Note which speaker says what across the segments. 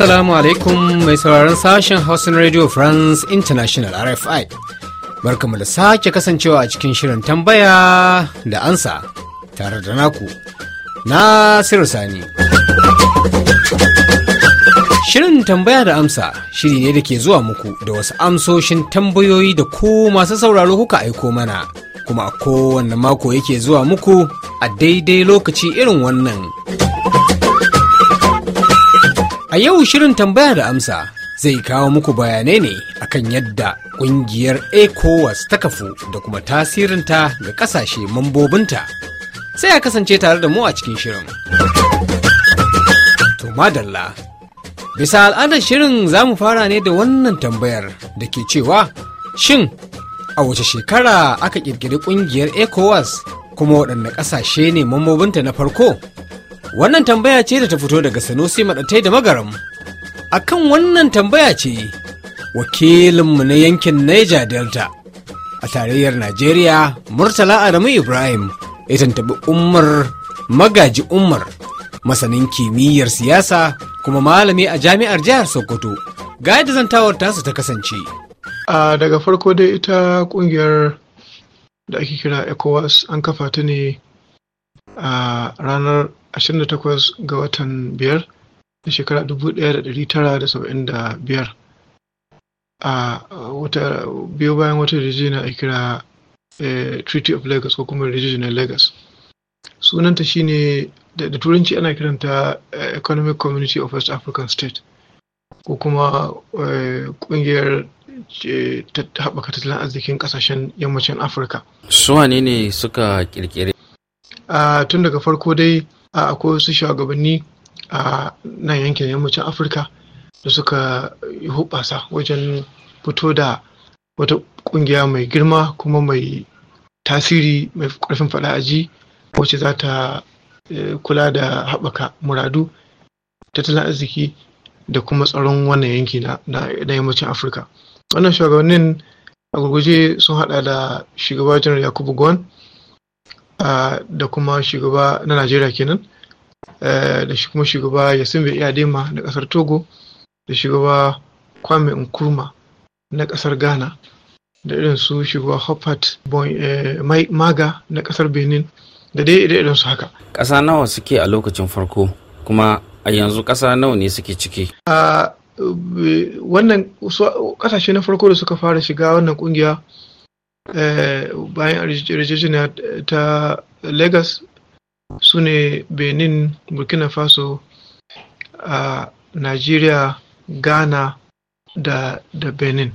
Speaker 1: Assalamu alaikum mai sauraron sashen Hausin Radio France International RFI. Barkamu da sake kasancewa a cikin shirin tambaya da ansa tare da naku. Nasiru Sani. Shirin tambaya da amsa shiri ne da ke zuwa muku da wasu amsoshin tambayoyi da ku masu sauraro kuka aiko mana, kuma a kowane mako yake zuwa muku a daidai lokaci irin wannan. A yau shirin tambaya da amsa zai kawo muku bayanai ne akan yadda kungiyar ECOWAS ta kafu da kuma tasirinta ga kasashe mambobinta. Sai a kasance tare da mu a cikin shirin. To madalla. Bisa al'adar shirin za mu fara ne da wannan tambayar da ke cewa shin a wace shekara aka kirkiri ƙungiyar ECOWAS kuma waɗanne ƙasashe ne mambobinta na farko? Wannan tambaya ce da ta fito daga Sanusi Maɗatai da Magaram. kan wannan tambaya ce wakilinmu na yankin Niger Delta a tarayyar Najeriya Murtala Adamu Ibrahim ya tantabi Umar Magaji Umar masanin kimiyyar siyasa kuma malami a jami'ar jihar Sokoto ga yadda zantawar tasu
Speaker 2: ta kasance. daga farko dai ita kungiyar da ake kira ECOWAS an kafa ta ne a ranar 28 ga watan biyar da shekara 1975 a wata biyo bayan wata rijina a kira eh, treaty of lagos ko kuma na lagos sunanta shine da turanci ana kiranta eh, economic community of west african state ko kuma kungiyar eh, haɓaka tattalin arzikin ƙasashen yammacin afirka
Speaker 3: su ne ne suka
Speaker 2: A tun daga farko dai akwai wasu shugabanni a nan yankin yammacin afirka da suka yi hubasa wajen fito da wata kungiya mai girma kuma mai tasiri mai karfin fada aji wacce za ta e, kula da haɓaka muradu tattalin arziki da kuma tsaron wannan yanki na yammacin afirka wannan shugabannin a gurguje sun hada da shugaba janar yakubu gwan da kuma shugaba na najeriya kenan eh, da shi kuma shugaba yasimbe iyadema na kasar togo da shugaba kwame nkrumah na kasar ghana da irin su shugaba hoppert eh, maga na kasar benin da dai irin su haka
Speaker 3: ƙasa nawa suke a lokacin farko kuma a yanzu ƙasa nawa ne suke ciki
Speaker 2: a eh, wannan ƙasashe na farko da suka fara shiga wannan ƙungiya Eh, bayan yarjejeniya ta lagos su ne benin burkina faso a nigeria ghana da, da benin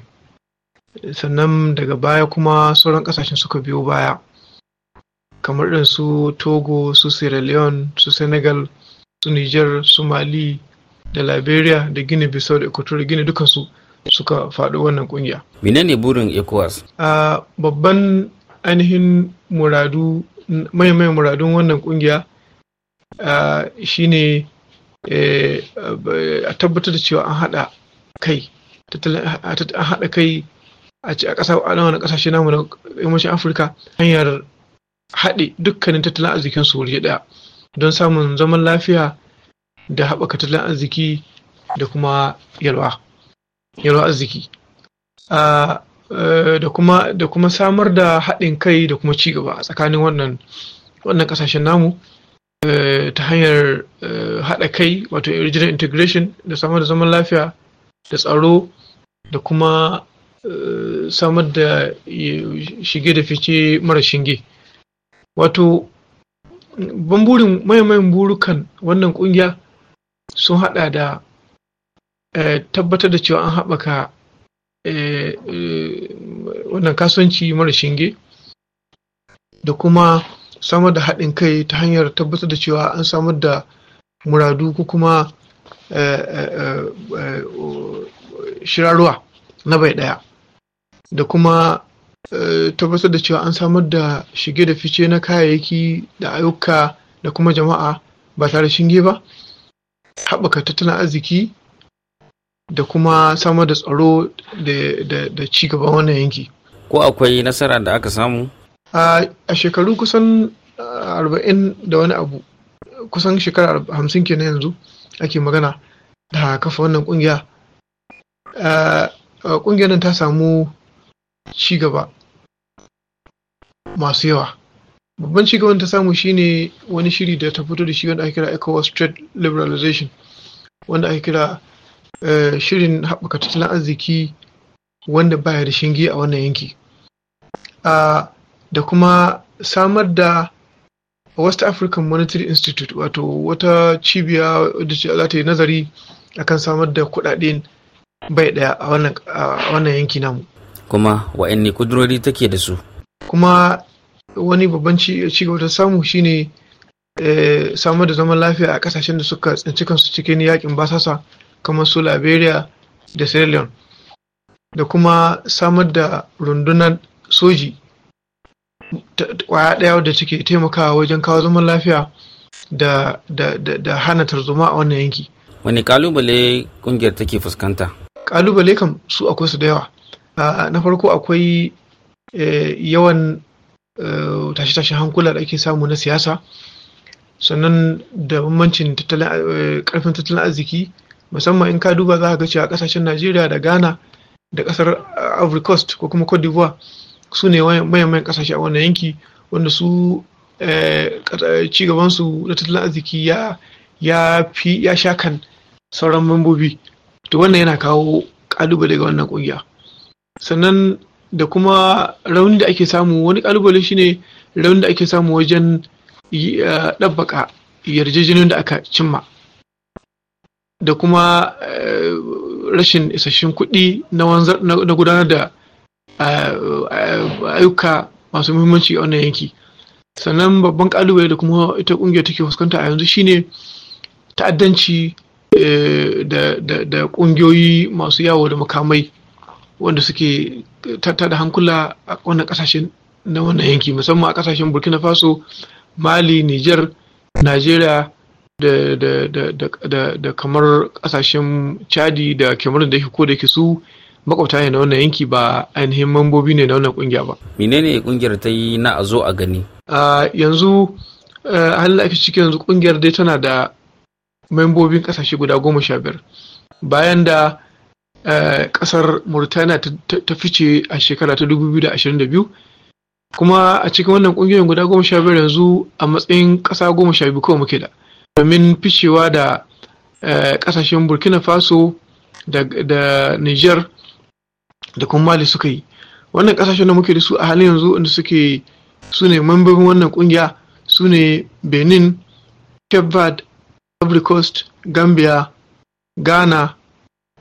Speaker 2: sannan daga baya kuma sauran kasashen suka biyo baya kamar ɗin su togo su sierra leone su senegal su niger su mali da liberia da guinea bissau da equatorial guinea dukansu suka faɗi wannan kungiya.
Speaker 3: menene burin ecowas
Speaker 2: a babban ainihin muradu maimai muradun wannan kungiya shine e, a tabbatar da cewa an haɗa kai an haɗa kai a ƙasa a wani ƙasashe namu na yammacin afirka hanyar haɗe dukkanin tattalin arzikin su wuri ɗaya don samun zaman lafiya da haɓaka tattalin arziki da kuma yalwa yaro arziki e, da kuma samar da haɗin kai da kuma cigaba a tsakanin wannan ƙasashen namu e, ta hanyar e, haɗa kai wato original integration da samar da zaman lafiya da tsaro da kuma samar da shige da fice mara shinge wato ban burin mayan burukan wannan kungiya sun hada da Eh, tabbatar da cewa an haɓaka eh, eh, wannan kasuwanci mara shinge da kuma samar da haɗin kai ta hanyar tabbatar da cewa an samar da muradu ko kuma shirarwa na bai ɗaya da kuma tabbatar da cewa an samar da shige da fice na kayayyaki da ayyuka da kuma jama'a ba tare shinge ba haɓaka tattalin arziki da kuma samar da tsaro da ci gaban wannan yanki.
Speaker 3: Ko akwai nasara da aka samu?
Speaker 2: A shekaru kusan arba'in da wani abu kusan shekara hamsin na yanzu ake magana da kafa wannan kungiya. Kungiyar nan ta samu ci gaba masu yawa. Babban ci gaban ta samu shine wani shiri da ta fito da shi wanda ake kira ECOWAS Trade Liberalization wanda ake kira Eh, shirin haɓaka tattalin arziki wanda baya da shinge a wannan yanki da kuma samar da west african monetary institute wato wata cibiya da za ta yi nazari akan samar da kudaden bai daya a wannan yanki namu
Speaker 3: kuma wa'anne kudurori take da su
Speaker 2: kuma wani babban cigaba ta samu shine eh, samar da zaman lafiya a kasashen da suka tsinci kansu cikin yakin basasa kamar su liberia da sierra leone da kuma samar da rundunar soji kwaya ɗaya wadda take taimakawa wajen kawo zaman lafiya da, hana tarzoma a wannan yanki
Speaker 3: wani kalubale kungiyar take fuskanta
Speaker 2: kalubale kam su akwai su da yawa na farko akwai eh, yawan eh, tashe-tashen hankula da ake samu na siyasa sannan da bambancin karfin eh, tattalin arziki musamman in ka duba za ka ga cewa kasashen najeriya da ghana da kasar uh, ivory coast ko kuma cote d'ivoire su ne mayan kasashe a wannan yanki wanda su eh, eh, cigabansu na tattalin arziki ya ya sha kan sauran membobi to wannan yana kawo kalubale daga wannan kungiya sannan da kuma raunin da ake samu wani kalubale shine raunin da ake samu wajen uh, ɗabbaka yarjejeniyar da aka cimma da kuma eh, rashin isasshen kuɗi na gudanar da eh, eh, ayyuka masu muhimmanci a wannan yanki sannan babban kalubale da kuma ita kungiyar take fuskanta a yanzu shine ta'addanci da kungiyoyi masu yawo da makamai wanda suke da hankula a wannan kasashen na wannan yanki musamman a kasashen burkina faso mali niger najeriya da da da da da kamar kasashen chadi da cameroon da ko da ke su makwabta ne na wannan yanki ba ainihin mambobi ne na wannan kungiya ba
Speaker 3: menene kungiyar ta yi na a zo a gani
Speaker 2: a yanzu halin lafi ciki yanzu kungiyar dai tana da membobin kasashe guda goma sha biyar bayan da kasar murtana ta fice a shekara ta 2022 kuma a cikin wannan kungiyar guda goma sha biyar yanzu a matsayin kasa goma sha biyu kawai muke da domin fishewa da eh, kasashen burkina faso da niger da kuma mali suka yi wannan kasashen da muke da su a halin yanzu inda suke su ne mambobin wannan kungiya su ne benin cape verde ivory coast gambia ghana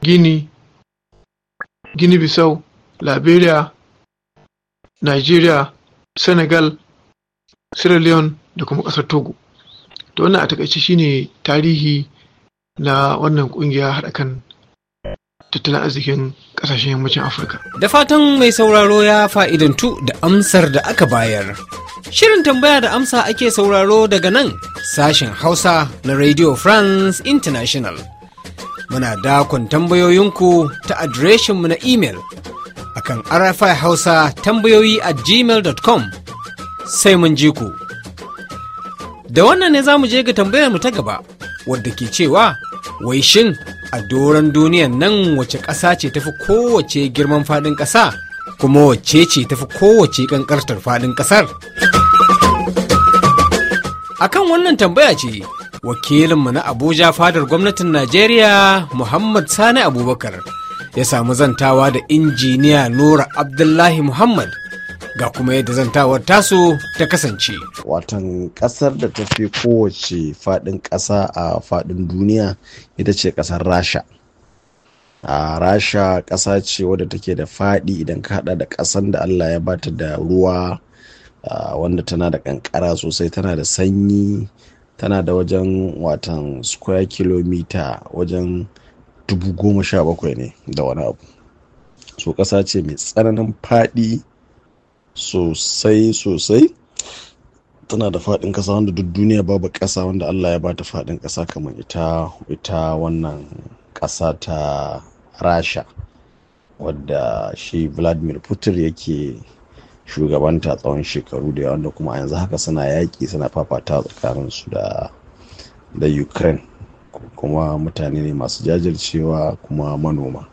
Speaker 2: guinea guinea bissau liberia nigeria senegal sierra leone da kuma kasar togo to wannan a takaice shine tarihi na wannan kungiya haɗa kan tattalin arzikin ƙasashen yammacin afirka
Speaker 1: da fatan mai sauraro ya fa'idantu da amsar da aka bayar shirin tambaya da amsa ake sauraro daga nan sashen hausa na radio france international muna dakon tambayoyinku ta adireshinmu na imel akan rfi hausa tambayoyi at gmail.com sai mun ji ku Da wannan ne za mu je ga tambayar mu ta gaba, wadda ke cewa, wai shin a doron duniyan nan wace ƙasa ce tafi kowace girman faɗin ƙasa, kuma wace ce tafi kowace ƙanƙartar faɗin ƙasar? Akan wannan tambaya ce, wakilinmu na Abuja fadar gwamnatin Najeriya Muhammad Sani Abubakar ya samu zantawa da injiniya Nura Abdullahi Muhammad ga kuma yadda zantawar tasu ta kasance.
Speaker 4: Watan kasar da ta fi kowace
Speaker 1: faɗin ƙasa a faɗin
Speaker 4: duniya ita ce ƙasar Rasha. A Rasha ƙasa ce wadda take da faɗi idan ka haɗa da ƙasan da Allah ya bata da ruwa wanda tana da ƙanƙara sosai tana da sanyi tana da wajen watan square kilomita wajen dubu goma sha bakwai ne da wani abu. So ƙasa ce mai tsananin faɗi sosai sosai tana da faɗin ƙasa wanda duk duniya babu ƙasa wanda Allah ya bata faɗin ƙasa kamar ita ita wannan ƙasa ta rasha wadda shi vladimir putin yake shugabanta tsawon shekaru da wanda kuma a yanzu haka suna yaƙi suna fafata tsakaninsu da da ukraine kuma mutane ne masu jajircewa kuma manoma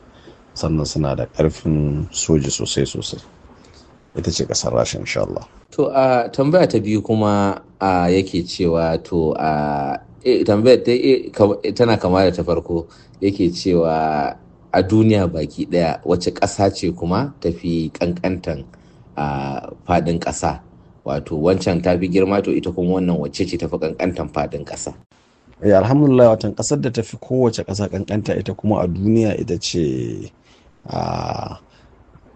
Speaker 4: sannan suna da ƙarfin soji sosai sosai ita ce kasar rasha insha Allah.
Speaker 5: To a tambaya ta biyu kuma a yake cewa to a eh, tambayar eh, tana kama da ta farko yake cewa a duniya baki daya wace ƙasa ce kuma tafi kankantan a fadin ƙasa wato wancan ta fi girma to ita kuma wannan wacce ce tafi kankantan fadin ƙasa.
Speaker 4: Ya eh, alhamdulillah watan kasar da tafi kowace ƙasa kankanta ita kuma a duniya ita ce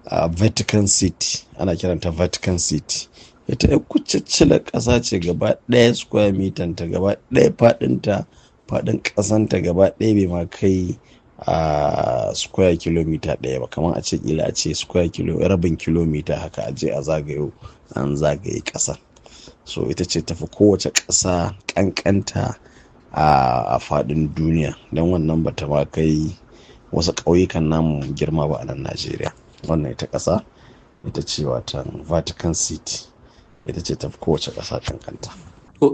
Speaker 4: a vatican city ana kiranta vatican city ita ya kuciccilar ƙasa ce gaba ɗaya square meter ta gaba ɗaya faɗinta faɗin ƙasanta gaba ɗaya bai ma kai a square kilomita ɗaya ba kamar a ce kila a ce square kilo rabin kilomita haka a je a zagayo an zagaye ƙasa so ita ce tafi kowace ƙasa ƙanƙanta a faɗin duniya don wannan bata ma kai wasu ƙauyukan namu girma ba a nan najeriya wannan ita ƙasa ita ce watan vatican city ita ce ta kowace ƙasa kankanta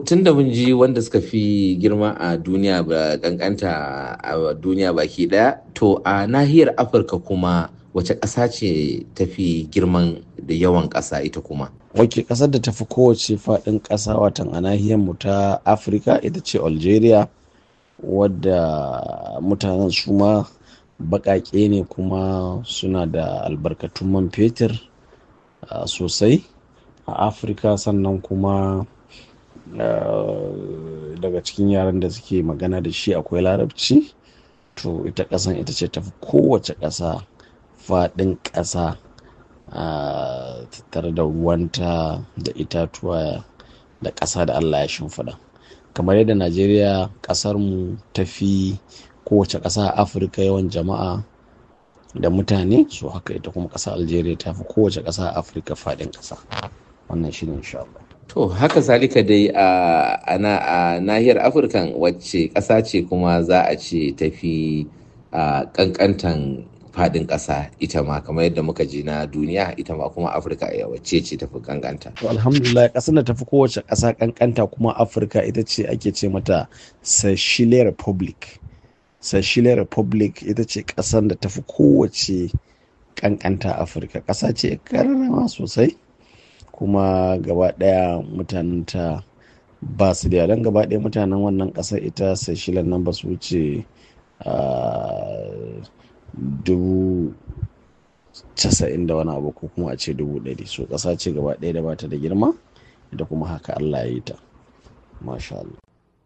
Speaker 5: tun da mun ji wanda suka fi girma a duniya ba kankanta a duniya baki daya to a nahiyar afirka kuma wace ƙasa ce ta fi girman da yawan ƙasa ita kuma
Speaker 4: wake ƙasar da ta fi kowace faɗin ƙasa watan a nahiyar mu ta afirka ita ce algeria wadda mutanen su ma baƙaƙe ne kuma suna da albarkatun man fetur sosai a afirka sannan kuma daga cikin yaran da suke magana da shi akwai larabci to ita ƙasan ita ce tafi kowace ƙasa faɗin ƙasa tattare da ruwanta da itatuwa da ƙasa da allah ya shimfiɗa kamar yadda najeriya ƙasarmu ta fi kowace ƙasa a afirka yawan jama'a da mutane su haka ita kuma ƙasa algeria ta fi kowace ƙasa a afirka faɗin ƙasa wannan shi ne insha Allah.
Speaker 5: to haka zalika dai a nahiyar afirka wacce ƙasa ce kuma za a ce tafi a ƙanƙantan faɗin ƙasa ita ma kamar yadda muka ji na duniya ita ma kuma afirka a yawace ce tafi ƙanƙanta. to
Speaker 4: alhamdulillah ƙasar da tafi kowace ƙasa ƙanƙanta kuma afirka ita ce ake ce mata seychelles republic sashile republic ita ce ƙasar da ta fi kowace ƙanƙanta afirka ƙasa ce karama sosai kuma gaba ɗaya mutanenta ba su da don gaba ɗaya mutanen wannan ƙasar ita seychelles nan ba su wuce ah, dubu casa'in da wani abu ko kuma a ce dubu ɗari so ƙasa ce gaba ɗaya da bata da girma da kuma haka allah ya yi ta masha allah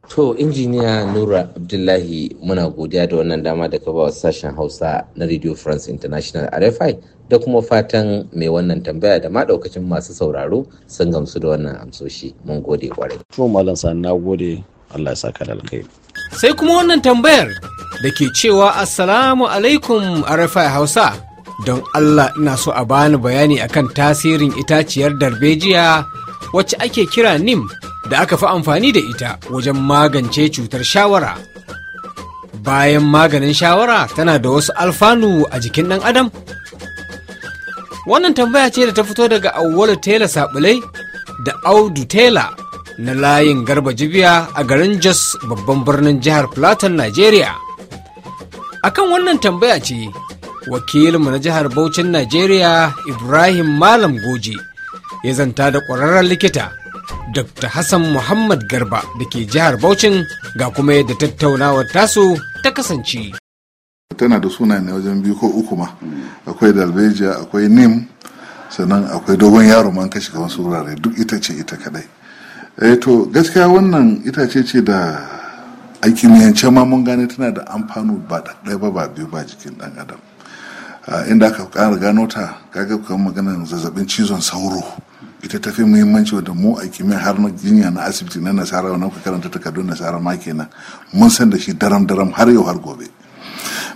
Speaker 5: To injiniya Nura Abdullahi muna godiya da wannan dama da kaba sashen Hausa na Radio France International RFI da kuma fatan mai wannan tambaya da maɗaukacin masu sauraro sun gamsu da wannan amsoshi mun gode kwarai. To
Speaker 4: Malam Sani na gode Allah ya saka da alkhairi.
Speaker 5: Sai
Speaker 1: kuma wannan tambayar da ke cewa Assalamu alaikum RFI Hausa don Allah ina so a bani bayani akan tasirin itaciyar darbejiya wacce ake kira NIM da aka fi amfani da ita wajen magance cutar shawara. Bayan maganin shawara tana da wasu alfanu a jikin ɗan adam? Wannan tambaya ce da ta fito daga Auwalu Tela Sabulai da Audu Tela na layin Garba Jibiya a garin Jos babban birnin jihar Platon, Najeriya. Akan wannan tambaya ce wakilinmu na jihar Bauchin Najeriya Ibrahim Malam Goji ya zanta da ƙwararren likita. Dr. Hassan Muhammad Garba da ke jihar Bauchin ga kuma yadda tattaunawar tasu ta kasance.
Speaker 6: Tana da suna ne wajen biyu ko uku ma, akwai dalbejiya, akwai nim, sannan akwai dogon yaro man kashi kamar wasu wurare duk ita ce ita kadai. Eh to gaskiya wannan itace ce da aikin yance ma mun gane tana da amfanu ba ɗaya ba ba biyu ba jikin ɗan adam. Ah, inda aka ƙara gano ta kaga kamar maganar zazzabin cizon sauro ita ta fi muhimmanci wadda mu a kimiyya har na jinya na asibiti na nasara wannan ka karanta takardun nasara ma kenan mun san da shi daram daram har yau har gobe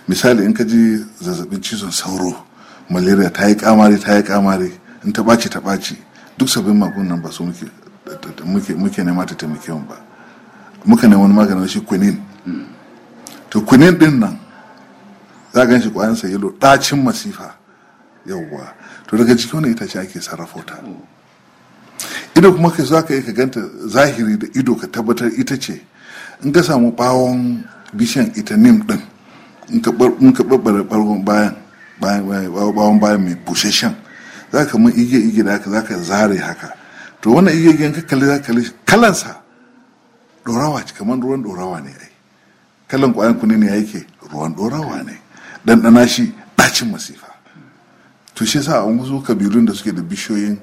Speaker 6: misali in ka ji zazzabin cizon sauro malaria ta yi kamari ta yi kamari in ta ɓaci ta ɓaci duk sabbin magunan ba su muke nema ta taimake ba muka nema wani maganin shi kunin to kunin din nan za ka shi kwayan sa yalo ɗacin masifa yauwa to daga cikin wani itace ake sarrafa ta ido kuma ka za ka yi ka ganta zahiri da ido ka tabbatar ita ce in ka samu bawon bishiyan ita nim din in ka barbara bargon bayan bayan bayan mai busasshen za ka mun igiya igiya da haka za ka zare haka to wannan igiya igiyan ka kalli za ka kalli kalansa dorawa ce kamar ruwan dorawa ne ai kalan kwayan kuni ne yake ruwan dorawa ne ɗanɗana shi ɗacin masifa to shi sa an wasu kabilun da suke da bishiyoyin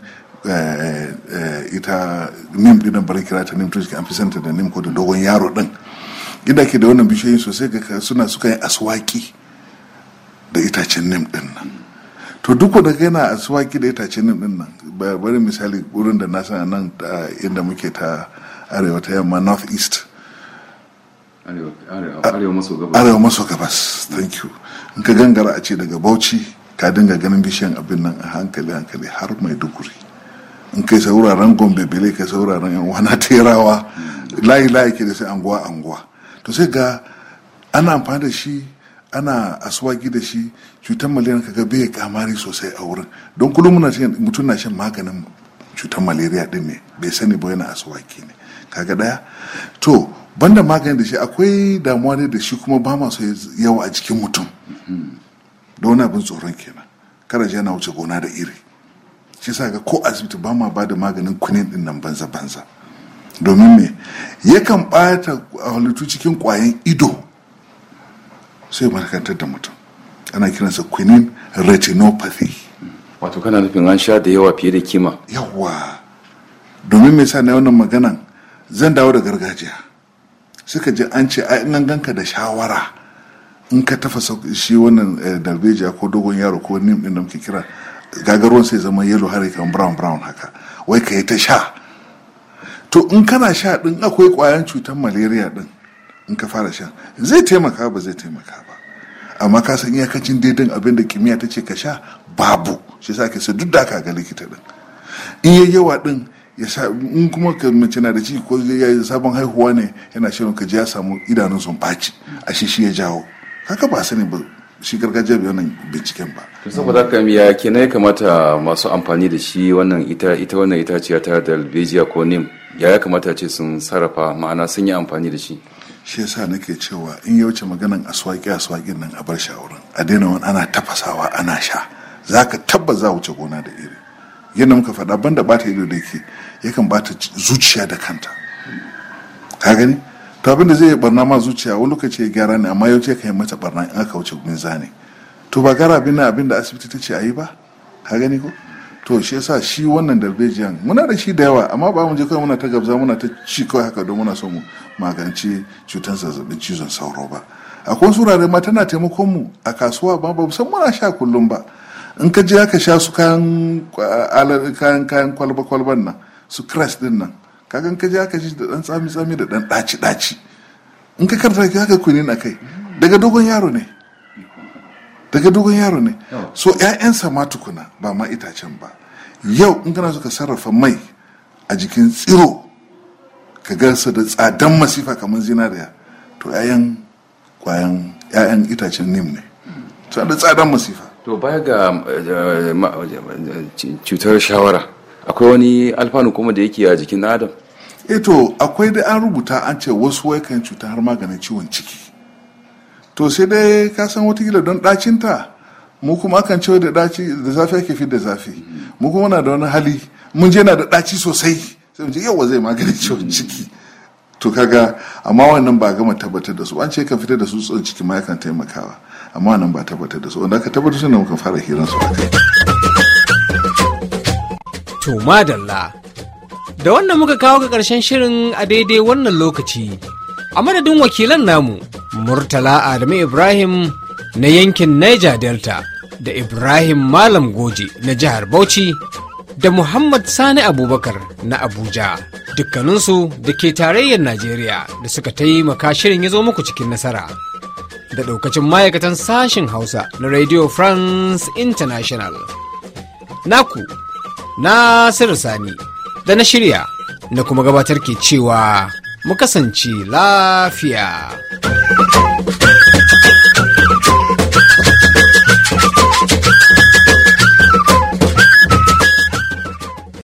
Speaker 6: Eh, eh, ita nim dinan bari kira ta nim tushi an fi santa da nim ko da dogon yaro din gida ke da wannan bishiyoyi sosai ga suna suka yi aswaki da itacen nim din nan to duk da yana aswaki da itacen nim din nan bari misali wurin da na san nan inda muke ta arewa ta yamma north east arewa maso gabas thank you in ka gangara a ce daga bauchi ka dinga ganin bishiyan abin nan a hankali hankali har mai duguri in kai sauraren gombe bele kai sauraren yan na terawa layi layi ke da sai anguwa anguwa to sai ga ana amfani da shi ana aswagi da shi cutar malaria kaga bai kamari sosai a wurin don kullum muna cikin mutum na shan maganin cutar malaria din ne bai sani ba yana aswaki ne kaga daya to banda maganin da shi akwai damuwa ne da shi kuma ba masu yawa a jikin mutum da wani abin tsoron kenan kada yana wuce gona da iri shi sa ga ko asibiti ba ma ba da maganin kunin din nan banza banza domin me yakan bata halittu cikin kwayan ido sai markantar da mutum ana kiransa kunin retinopathy wato kana nufin an sha da yawa fiye da kima yawa domin me sa na wannan maganan zan dawo da gargajiya suka ji an ce ai nan ganka da shawara in ka tafasa shi wannan eh, dalbejiya ko dogon yaro ko nim din da muke kira kaga ruwan sai zama yellow har kan brown brown haka wai ka yi ta sha to in kana sha din akwai kwayan cutar malaria din in ka fara sha zai taimaka ba zai taimaka ba amma ka san iyakacin daidan abin da kimiyya ta ce ka sha babu shi sa ka duk da ka ga likita din in yi yawa din ya sha in kuma ka mace na da ciki ko ya sabon haihuwa ne yana shirin ka ji ya samu idanun sun baci a shi shi ya jawo haka ba sani ba shi gargajiya bai wannan binciken ba to saboda
Speaker 3: haka ya ke ya kamata masu amfani da shi wannan ita ita wannan itaciya ta Albejiya ko nim ya ya kamata ce sun sarrafa ma'ana sun yi amfani da shi
Speaker 6: shi yasa nake cewa in ya wuce maganan aswaki aswakin nan a bar shi a wurin a daina wani ana tafasawa ana sha za ka tabbas za wuce gona da iri yadda muka faɗa banda bata ido da yake yakan bata zuciya da kanta ka gani to abin da zai yi barna ma zuciya wani lokaci ya gyara ne amma yauce ka yi mata barna in aka wuce zane to ba gara ne abin da asibiti ta ce a yi ba ka gani ko to shi yasa shi wannan darbejiyan muna da shi da yawa amma ba mu je kawai muna ta gabza muna ta ci kawai haka don muna so mu magance cutar zazzabin cizon sauro ba akwai surare ma tana taimakon mu a kasuwa ba ba san muna sha kullum ba in ka je aka sha su kayan kwalba kwalban nan su kras din nan kagan ka ji haka ji da dan tsami tsami da dan daci daci in ka karta ka haka na kai daga dogon yaro ne daga dogon yaro ne so sa ma tukuna ba ma itacen ba yau in kana so ka sarrafa mai a jikin tsiro ka gansa da tsadan masifa kamar zinariya to 'ya'yan kwayan 'ya'yan itacen nim ne to da tsadan masifa
Speaker 3: to baya ga eh, eh, eh, cutar shawara akwai wani alfanu kuma da yake a jikin adam
Speaker 6: eto eh akwai da an rubuta an ce wasu waikan cuta har maganin ciwon ciki to sai dai ka san wata gida don ɗacinta mu kuma akan cewa da ɗaci da zafi ake fi da zafi mu kuma na da wani hali mun je na da ɗaci sosai sai mu je yawa zai maganin ciwon ciki to kaga amma wannan ba gama tabbatar da su an ce kan fitar da su tsoron ciki ma yakan taimakawa amma wannan ba tabbatar da su wanda aka tabbatar da su ne muka fara hirar su a kai To madalla. Da wannan muka
Speaker 1: kawo ga ƙarshen shirin a daidai wannan lokaci. A madadin wakilan namu, Murtala Adamu Ibrahim na yankin Niger Delta da Ibrahim Malam Goji na jihar Bauchi da Muhammad Sani Abubakar na Abuja. Dukkaninsu da ke tarayyar Najeriya da suka taimaka shirin ya zo muku cikin nasara. Da ɗaukacin ma'aikatan sashen Hausa na Radio France International. Naku na Nasiru Sani da na shirya na kuma gabatar ke cewa mu kasance lafiya.